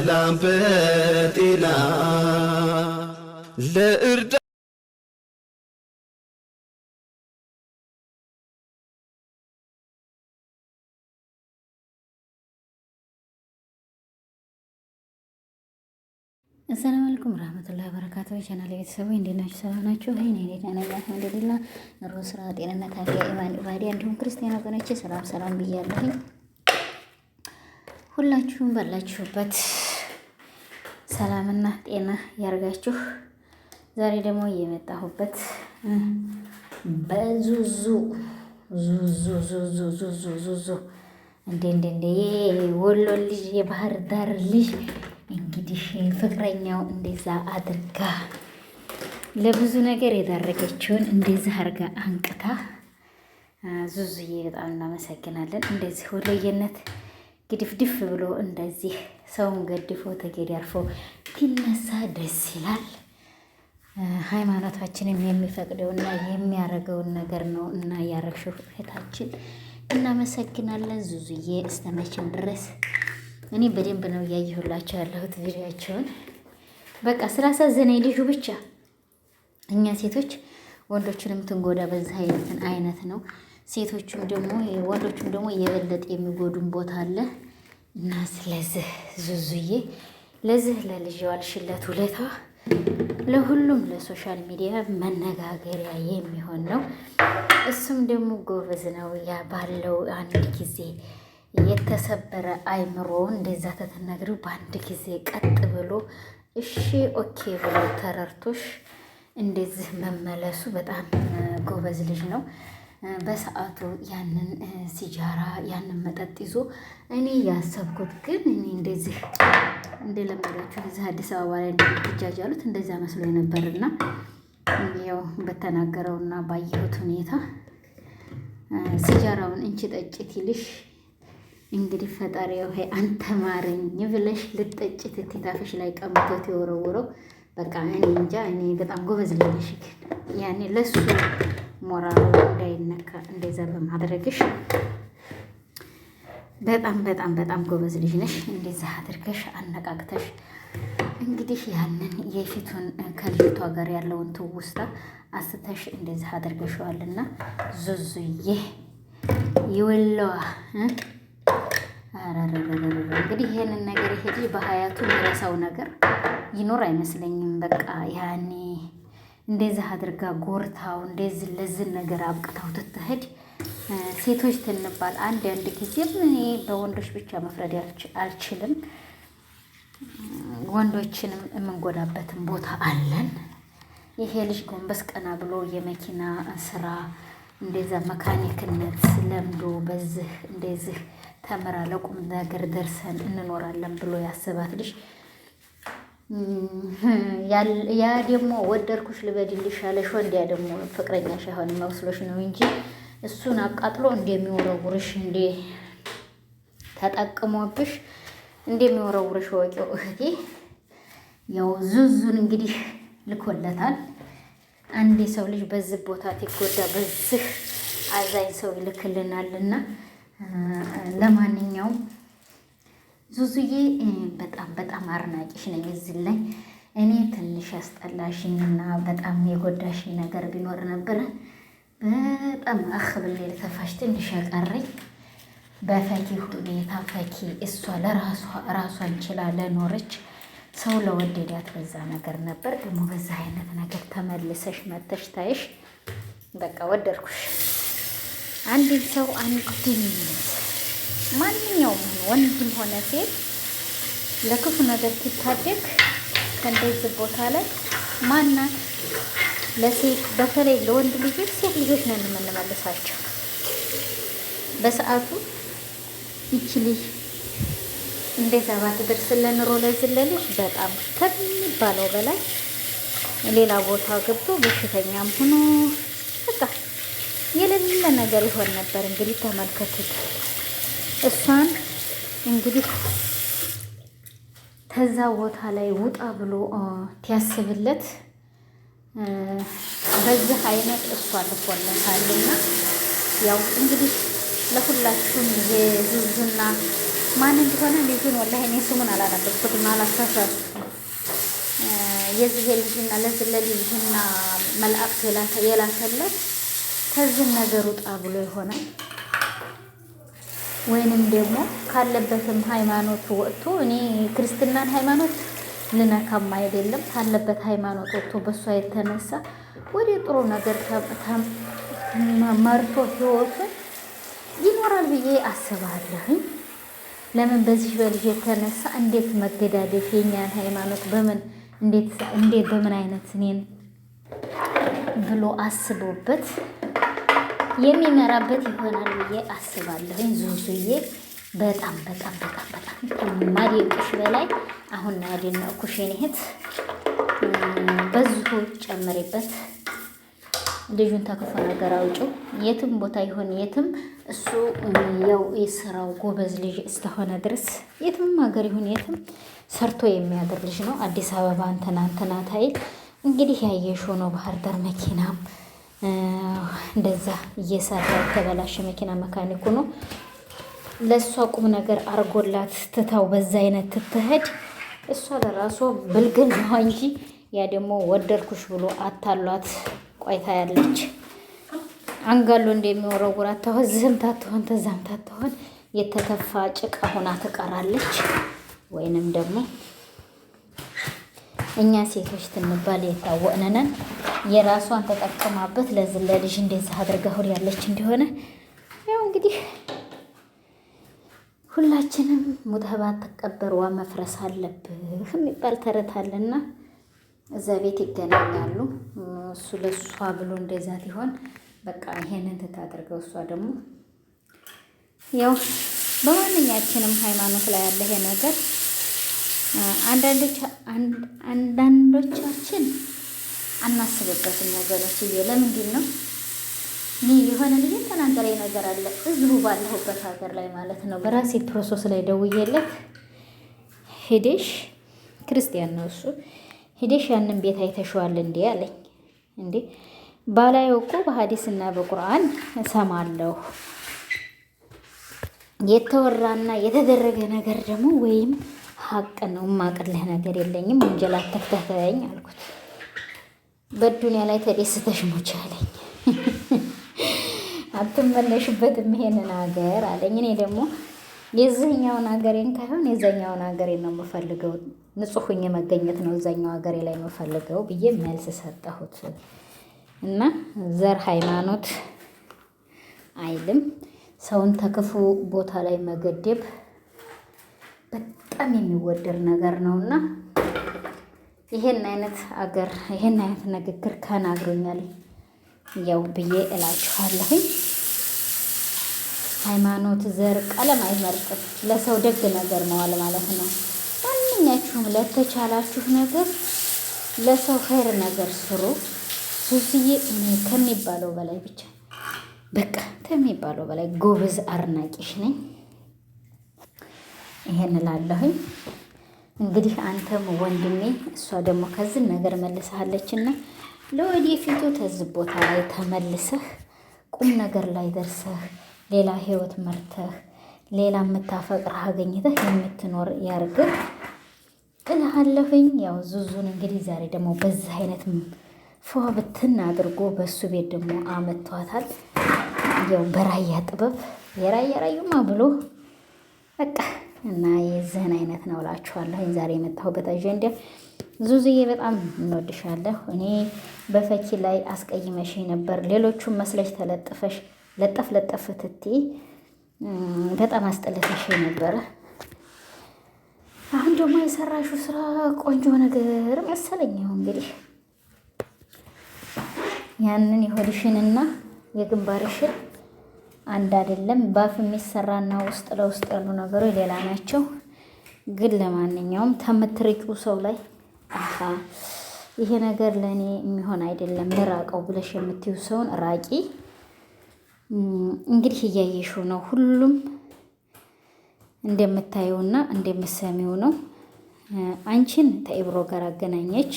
በሰላም በጤና ለእርዳ አሰላሙ አለይኩም ረህመቱላሂ ወበረካቱ። ቻናል ቤተሰቦች እንዴት ናችሁ? ሰላም ናችሁ? ይህን ሄድ ነጋ አልሐምዱሊላ ኑሮ፣ ስራ፣ ጤንነት፣ አፍያ፣ ኢማን፣ ኢባዲያ እንዲሁም ክርስቲያን ወገኖቼ ሰላም ሰላም ብያለሁኝ። ሁላችሁም ባላችሁበት ሰላምና ጤና ያርጋችሁ። ዛሬ ደግሞ የመጣሁበት በዙዙ ዙዙ ዙዙ ዙዙ ዙዙ እንዴ እንዴ እንዴ የወሎ ልጅ የባህር ዳር ልጅ እንግዲህ ፍቅረኛው እንደዛ አድርጋ ለብዙ ነገር የዳረገችውን እንደዚህ አድርጋ አንቅታ ዙዙዬ በጣም እናመሰግናለን። እንደዚህ ወሎየነት ግድፍድፍ ብሎ እንደዚህ ሰውን ገድፎ አርፎ ቢነሳ ደስ ይላል። ሃይማኖታችንም የሚፈቅደውና የሚያደረገውን ነገር ነው እና ያረግሽው እህታችን እናመሰግናለን። ዙዙዬ እስተመችን ድረስ እኔ በደንብ ነው እያየሁላቸው ያለሁት ቪዲዮቸውን። በቃ ስላሳዘነኝ ልጁ ብቻ እኛ ሴቶች ወንዶችንም ትንጎዳ በዛ አይነትን አይነት ነው። ሴቶቹም ደግሞ ወንዶቹም ደግሞ የበለጠ የሚጎዱን ቦታ አለ እና ስለዚህ ዙዙዬ ለዚህ ለልጅ የዋልሽለት ውለታ ለሁሉም ለሶሻል ሚዲያ መነጋገሪያ የሚሆን ነው። እሱም ደግሞ ጎበዝ ነው። ያ ባለው አንድ ጊዜ የተሰበረ አይምሮ እንደዛ ተተናግሪ በአንድ ጊዜ ቀጥ ብሎ እሺ ኦኬ ብሎ ተረርቶሽ እንደዚህ መመለሱ በጣም ጎበዝ ልጅ ነው። በሰዓቱ ያንን ሲጃራ ያንን መጠጥ ይዞ እኔ ያሰብኩት ግን እኔ እንደዚህ እንደለመዳችሁ እዚህ አዲስ አበባ ላይ እንደሚጃጃሉት እንደዛ መስሎ ነበርና ያው በተናገረውና ባየሁት ሁኔታ ሲጃራውን እንቺ ጠጪ ትልሽ እንግዲህ ፈጣሪ ውሄ አንተ ማረኝ ብለሽ ልጠጪ ትታፍሽ ላይ ቀምቶት የወረወረው በቃ እኔ እንጃ እኔ በጣም ጎበዝ ልልሽ ግን ያኔ ለሱ ሞራሉ እንዳይነካ እንደዛ በማድረግሽ በጣም በጣም በጣም ጎበዝ ልጅ ነሽ። እንደዛ አድርገሽ አነቃቅተሽ እንግዲህ ያንን የፊቱን ከልጅቷ ጋር ያለውን ትውስታ አስተሽ እንደዛ አድርገሽዋልና ዙዙዬ ይውለዋ እንግዲህ ይህንን ነገር ይሄ በሀያቱ የሚረሳው ነገር ይኖር አይመስለኝም። በቃ ያኔ እንደዚህ አድርጋ ጎርታው እንደዚህ ለዝን ነገር አብቅታው ትትሄድ። ሴቶች ትንባል አንድ አንድ ጊዜም እኔ በወንዶች ብቻ መፍረድ አልችልም። ወንዶችንም የምንጎዳበትን ቦታ አለን። ይሄ ልጅ ጎንበስ ቀና ብሎ የመኪና ስራ እንደዛ መካኒክነት ለምዶ በዚህ እንደዚህ ተምራ ለቁም ነገር ደርሰን እንኖራለን ብሎ ያስባት ልጅ ያ ደግሞ ወደድኩሽ ልበድልሽ አለሽ። ወዲያ ደግሞ ፍቅረኛሽ አይሆንም መስሎሽ ነው እንጂ እሱን አቃጥሎ እንደሚወረውርሽ እንደ ተጠቅሞብሽ እንደሚወረውርሽ ወቂው እህቴ። ያው ዙዙን እንግዲህ ልኮለታል። አንድ ሰው ልጅ በዚህ ቦታ ትጎዳ በዚህ አዛኝ ሰው ይልክልናልና ለማንኛውም ዙዙዬ በጣም በጣም አድናቂሽ ነኝ። እዚህ ላይ እኔ ትንሽ ያስጠላሽኝ እና በጣም የጎዳሽኝ ነገር ቢኖር ነበረ በጣም አህ ብሌ ተፋሽ ትንሽ ያቀረኝ በፈኪ ሁኔታ ፈኪ እሷ ለራሷ ራሷን ችላ ለኖረች ሰው ለወደዳት በዛ ነገር ነበር። ደግሞ በዛ አይነት ነገር ተመልሰሽ መተሽ ታይሽ በቃ ወደድኩሽ። አንድን ሰው አንቁትኝ ማንኛውም ወንድም ሆነ ሴት ለክፉ ነገር ሲታደግ ከእንደዚህ ቦታ ላይ ማናት ለሴት በተለይ ለወንድ ልጆች ሴት ልጆች ነን የምንመልሳቸው። በሰዓቱ ይቺ ልጅ እንደዛ ባትደርስ ለኑሮ ለዝለልሽ በጣም ከሚባለው በላይ ሌላ ቦታ ገብቶ በሽተኛም ሆኖ በቃ የሌለ ነገር ይሆን ነበር። እንግዲህ ተመልከቱት። እሷን እንግዲህ ከዛ ቦታ ላይ ውጣ ብሎ ቲያስብለት በዚህ አይነት እሷ ልኮለታልና ያው እንግዲህ ለሁላችሁም የዙዙና ማን እንደሆነ ልጁን ወላሂ እኔ ስሙን አላነበብኩትም አላስተሳስኩም። የዚህ የልጅና ለዚ ለልጅና መልአክት የላከለት ከዚህ ነገር ውጣ ብሎ ይሆናል። ወይንም ደግሞ ካለበትም ሃይማኖት ወጥቶ እኔ ክርስትናን ሃይማኖት ልነካም አይደለም ካለበት ሃይማኖት ወጥቶ በእሷ የተነሳ ወደ ጥሩ ነገር መርቶ ህይወቱን ይኖራል ብዬ አስባለሁኝ። ለምን በዚህ በልጅ የተነሳ እንዴት መገዳደፍ የኛን ሃይማኖት በምን እንዴት በምን አይነት እኔን ብሎ አስቦበት የሚመራበት ይሆናል ብዬ አስባለሁኝ። ዙዙዬ በጣም በጣም በጣም በጣም ከማደንቅሽ በላይ አሁን ነው ያደነቅኩሽን ይሄት በዚሁ ጨምሬበት ልጁን ተክፎ ነገር አውጪው። የትም ቦታ ይሆን የትም እሱ ያው የስራው ጎበዝ ልጅ እስከሆነ ድረስ የትም ሀገር ይሁን የትም ሰርቶ የሚያድር ልጅ ነው። አዲስ አበባ እንትና እንትና ታይል እንግዲህ ያየሽው ነው። ባህር ዳር መኪናም እንደዛ እየሰራ የተበላሸ መኪና መካኒኩ ነው። ለእሷ ቁም ነገር አርጎላት ትታው በዛ አይነት ትትሄድ እሷ ለራሷ ብልግል ነው እንጂ ያ ደግሞ ወደድኩሽ ብሎ አታሏት ቆይታ ያለች አንጋሎ እንደሚወረውር አታሆን ዝህም ታትሆን ተዛም ታትሆን የተተፋ ጭቃ ሆና ትቀራለች ወይንም ደግሞ እኛ ሴቶች ትንባል የታወቅነነን የራሷን ተጠቀማበት ለዚህ ለልጅ እንደዚ አድርጋ ሁር ያለች እንደሆነ ያው እንግዲህ ሁላችንም ሙተባ ተቀበርዋ መፍረስ አለብህ የሚባል ተረት አለና እዛ ቤት ይገናኛሉ። እሱ ለእሷ ብሎ እንደዛ ሲሆን በቃ ይሄንን ትታደርገው እሷ ደግሞ ያው በማንኛችንም ሃይማኖት ላይ ያለ ይሄ ነገር አንዳንዶቻችን አናስብበትም ወገኖች እዬ ለምንድን ነው እኔ የሆነ ልጅ ተናገረኝ ነገር አለ እዚሁ ባለሁበት ሀገር ላይ ማለት ነው በራሴ ፕሮሰስ ላይ ደውዬለት ሄደሽ ክርስቲያን ነው እሱ ሄደሽ ያንን ቤት አይተሸዋል እንዴ አለኝ እንዴ ባላየው እኮ በሀዲስና በቁርአን እሰማለሁ የተወራና የተደረገ ነገር ደግሞ ወይም ሀቅ ነው። የማቅልህ ነገር የለኝም። ወንጀል አተከተኝ አልኩት። በዱንያ ላይ ተደስተሽ ሞች አለኝ። አትመለሽበትም ይሄንን ሀገር አለኝ። እኔ ደግሞ የዚህኛውን ሀገሬን ካይሆን የዛኛውን ሀገሬን ነው የምፈልገው። ንጹሕ መገኘት ነው እዛኛው ሀገሬ ላይ የምፈልገው ብዬ መልስ ሰጠሁት። እና ዘር ሃይማኖት አይልም። ሰውን ተክፉ ቦታ ላይ መገደብ በጣም የሚወደድ ነገር እና ይሄን አይነት አገር ይሄን አይነት ንግግር ከናግሮኛል ያው ብዬ እላችኋለሁኝ። ሃይማኖት፣ ዘር፣ ቀለም አይመርጥም። ለሰው ደግ ነገር መዋል ማለት ነው። ማንኛችሁም ለተቻላችሁ ነገር ለሰው ኸይር ነገር ስሩ። ሱስዬ እኔ ከሚባለው በላይ ብቻ በቃ ከሚባለው በላይ ጎበዝ አድናቂሽ ነኝ። ይሄን እላለሁኝ። እንግዲህ አንተም ወንድሜ፣ እሷ ደግሞ ከዚህ ነገር መልሰሃለችና ለወደፊቱ ተዝ ቦታ ላይ ተመልሰህ ቁም ነገር ላይ ደርሰህ ሌላ ህይወት መርተህ ሌላ የምታፈቅርህ አገኝተህ የምትኖር ያርግህ እልሃለሁኝ። ያው ዙዙን እንግዲህ ዛሬ ደግሞ በዚህ አይነት ፎ ብትን አድርጎ በእሱ ቤት ደግሞ አመቷታል። ያው በራያ ጥበብ የራያ ራዩማ ብሎ በቃ እና የዚህን አይነት ነው እላችኋለሁ። ዛሬ የመጣሁበት አጀንዳ ዙዙዬ በጣም እንወድሻለሁ። እኔ በፈኪ ላይ አስቀይመሽ ነበር። ሌሎቹም መስለሽ ተለጥፈሽ ለጠፍ ለጠፍ ትቲ በጣም አስጠልተሽ ነበረ። አሁን ደግሞ የሰራሹ ስራ ቆንጆ ነገር መሰለኝ። እንግዲህ ያንን የሆድሽንና የግንባርሽን አንድ አይደለም። ባፍ የሚሰራና ውስጥ ለውስጥ ያሉ ነገሮች ሌላ ናቸው። ግን ለማንኛውም ተምትርቂው ሰው ላይ አሀ ይሄ ነገር ለእኔ የሚሆን አይደለም ልራቀው ብለሽ የምትዩ ሰውን ራቂ። እንግዲህ እያየሽው ነው፣ ሁሉም እንደምታየውና እንደምሰሚው ነው። አንቺን ተኢብሮ ጋር አገናኘች፣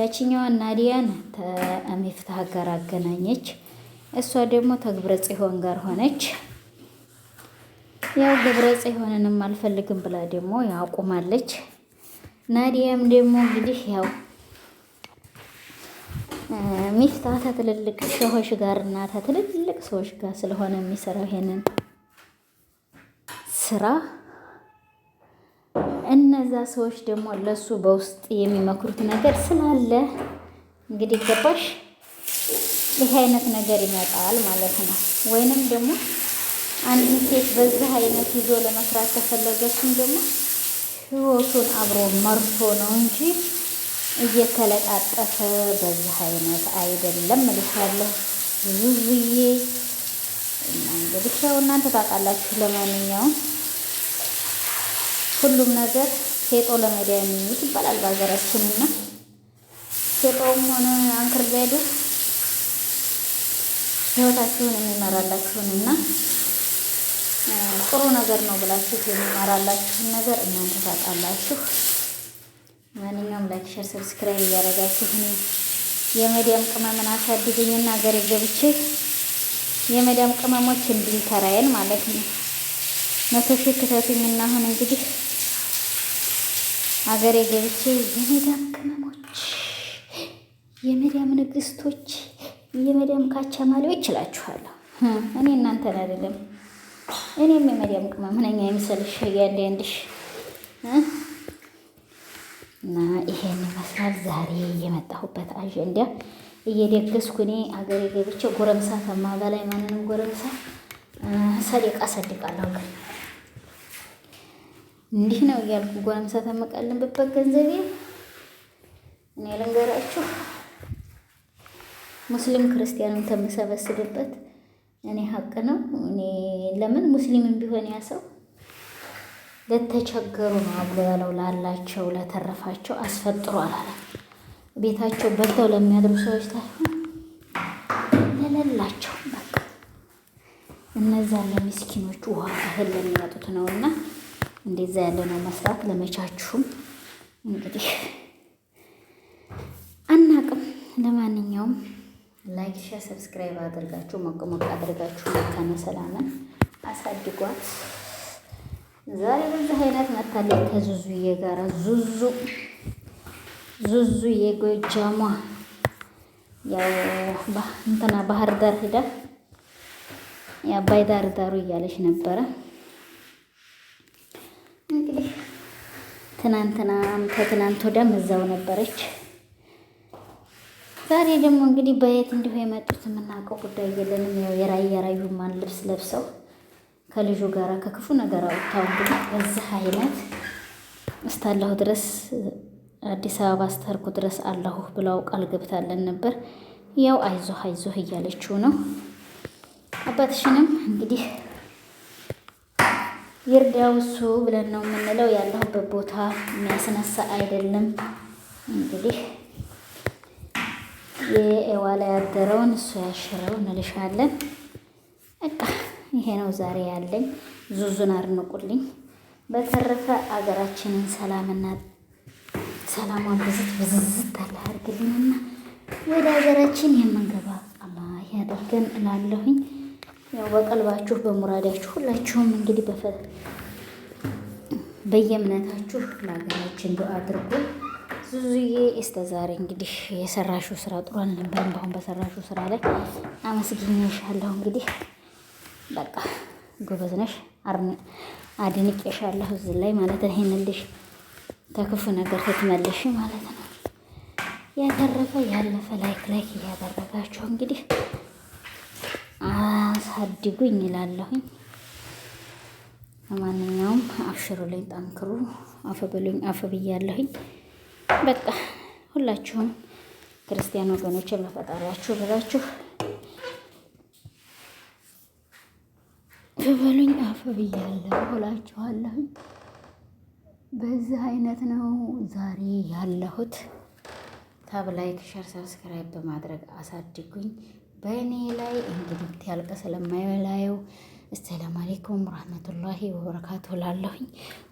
ያችኛዋን ናዲያን ተሚፍታህ ጋር አገናኘች። እሷ ደግሞ ተግብረ ጽዮን ጋር ሆነች። ያው ግብረ ጽዮንንም አልፈልግም ብላ ደግሞ ያቁማለች። ናዲያም ደግሞ እንግዲህ ያው ሚፍታህ ተትልልቅ ሸሆሽ ጋር እና ተትልልቅ ሰዎች ጋር ስለሆነ የሚሰራው ይሄንን ስራ እነዛ ሰዎች ደግሞ ለሱ በውስጥ የሚመክሩት ነገር ስላለ እንግዲህ ገባሽ ይህ አይነት ነገር ይመጣል ማለት ነው። ወይንም ደግሞ አንድ ሴት በዚህ አይነት ይዞ ለመስራት ከፈለገችም ደግሞ ህይወቱን አብሮ መርቶ ነው እንጂ እየተለጣጠፈ በዚህ አይነት አይደለም እልሻለሁ ዙዙዬ። እና እንግዲህ ያው እናንተ ታውቃላችሁ። ለማንኛውም ሁሉም ነገር ሴጦ ለመዳን ይባላል በሀገራችን እና ሴጦውም ሆነ አንክርቤዱ ህይወታችሁን የሚመራላችሁንና ጥሩ ነገር ነው ብላችሁ የሚመራላችሁን ነገር እናንተ ታጣላችሁ። ማንኛውም ላይክ፣ ሸር፣ ሰብስክራይብ እያደረጋችሁ የመዲያም ቅመምን አሳድጉኝና ሀገር ገብቼ የመዲያም ቅመሞች ተራየን ማለት ነው። መቶ ሺህ ክተቱኝና አሁን እንግዲህ ሀገሬ ገብቼ የመዲያም ቅመሞች የመዲያም ንግስቶች የመዳም ካቻማሪዎች እላችኋለሁ። እኔ እናንተን አይደለም። እኔም የመዲያም ቅመም ምንኛ የምሰልሽ ያንዴ አንድሽ እና ይሄን ይመስላል ዛሬ የመጣሁበት አጀንዳ። እየደገስኩ እኔ አገሬ ገብቼ ጎረምሳ ከማበላይ ማንንም ጎረምሳ ሰደቃ ሰድቃለሁ ግን እንዲህ ነው እያልኩ ጎረምሳ ተመቃልን ብበት ገንዘቤ እኔ ልንገራችሁ ሙስሊም ክርስቲያንም ተመሰበስብበት እኔ ሀቅ ነው። እኔ ለምን ሙስሊምም ቢሆን ያ ሰው ለተቸገሩ ነው አብሎ ያለው ላላቸው ለተረፋቸው አስፈጥሮ አላለ። ቤታቸው በልተው ለሚያድሩ ሰዎች ታይሆን ለሌላቸው በቃ እነዛን ለሚስኪኖች ውሃ እህል ለሚመጡት ነው። እና እንደዛ ያለ ነው መስራት። ለመቻችሁም እንግዲህ አናቅም። ለማንኛውም ላይክ፣ ሼር፣ ሰብስክራይብ አድርጋችሁ ሞቅ ሞቅ አድርጋችሁ መካነ ሰላምን አሳድጓት። ዛሬ በዚህ አይነት መታለች ከዙዙዬ ጋራ ዙዙ ዙዙ ጎጃሟ ያው እንትና ባህር ዳር ሄዳ የአባይ ዳር ዳሩ እያለች ነበረ። እንግዲህ ትናንትናም ከትናንት ወዲያም እዛው ነበረች። ዛሬ ደግሞ እንግዲህ በየት እንዲሁ የመጡት የምናውቀው ጉዳይ የለንም። ያው የራይ ማን ልብስ ለብሰው ከልጁ ጋር ከክፉ ነገር አውጥታው እንግዲህ በዚህ አይነት እስታለሁ ድረስ አዲስ አበባ ስተርኩ ድረስ አለሁ ብለው ቃል ገብታለን ነበር። ያው አይዞህ አይዞህ እያለችው ነው። አባትሽንም እንግዲህ ይርዳው እሱ ብለን ነው የምንለው። ያለሁበት ቦታ የሚያስነሳ አይደለም እንግዲህ የዋላ ያደረውን እሱ ያሽረው እንልሻለን። በቃ ይሄ ነው ዛሬ ያለኝ። ዙዙን አድንቁልኝ። በተረፈ አገራችንን ሰላምና ሰላሟን ብዝት ብዝዝት አለ አድርግልኝና ወደ ሀገራችን የምንገባ አላ ያደርገን እላለሁኝ። ያው በቀልባችሁ በሙራዳችሁ ሁላችሁም እንግዲህ በየእምነታችሁ ለሀገራችን ዱዓ አድርጉ። ዙዙዬ እስተዛሬ እንግዲህ የሰራሽው ስራ ጥሩ አልነበረም። በአሁን በሰራሽው ስራ ላይ አመስግኜሻለሁ። እንግዲህ በቃ ጎበዝ ነሽ፣ አድንቄሻለሁ። እዚህ ላይ ማለት ነው ይሄንልሽ ተክፉ ነገር ትትመልሽ ማለት ነው። ያተረፈ ያለፈ ላይክ ላይክ እያደረጋችሁ እንግዲህ አሳድጉኝ ይላለሁኝ። ለማንኛውም አብሽሩልኝ፣ ጠንክሩ። አፈ በሉኝ፣ አፈ በቃ ሁላችሁም ክርስቲያን ወገኖች ለፈጣሪያችሁ ብላችሁ በበሉኝ አፍ ብያለሁ እላችኋለሁ። በዚህ አይነት ነው ዛሬ ያለሁት። ታብ ላይክ፣ ሸር፣ ሰብስክራይብ በማድረግ አሳድጉኝ። በእኔ ላይ እንግዲህ ትያልቀ ስለማይበላየው አሰላሙ አሌይኩም ረህመቱላሂ ወበረካቱ ላለሁኝ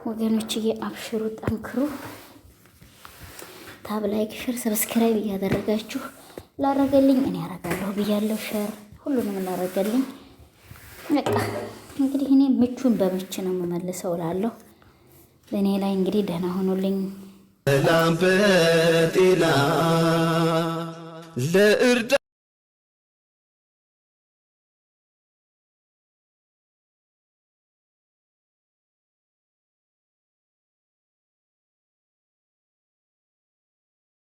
ወገኖችዬ፣ አብሽሩ፣ ጠንክሩ። ታብ፣ ላይክ፣ ሸር፣ ሰብስክራይብ እያደረጋችሁ ላረገልኝ እኔ ያረጋለሁ ብያለሁ። ሸር ሁሉንም ላረገልኝ። በቃ እንግዲህ እኔ ምቹን በምች ነው የምመልሰው እላለሁ። እኔ ላይ እንግዲህ ደህና ሆኖልኝ ላምበጤላ ለእርዳ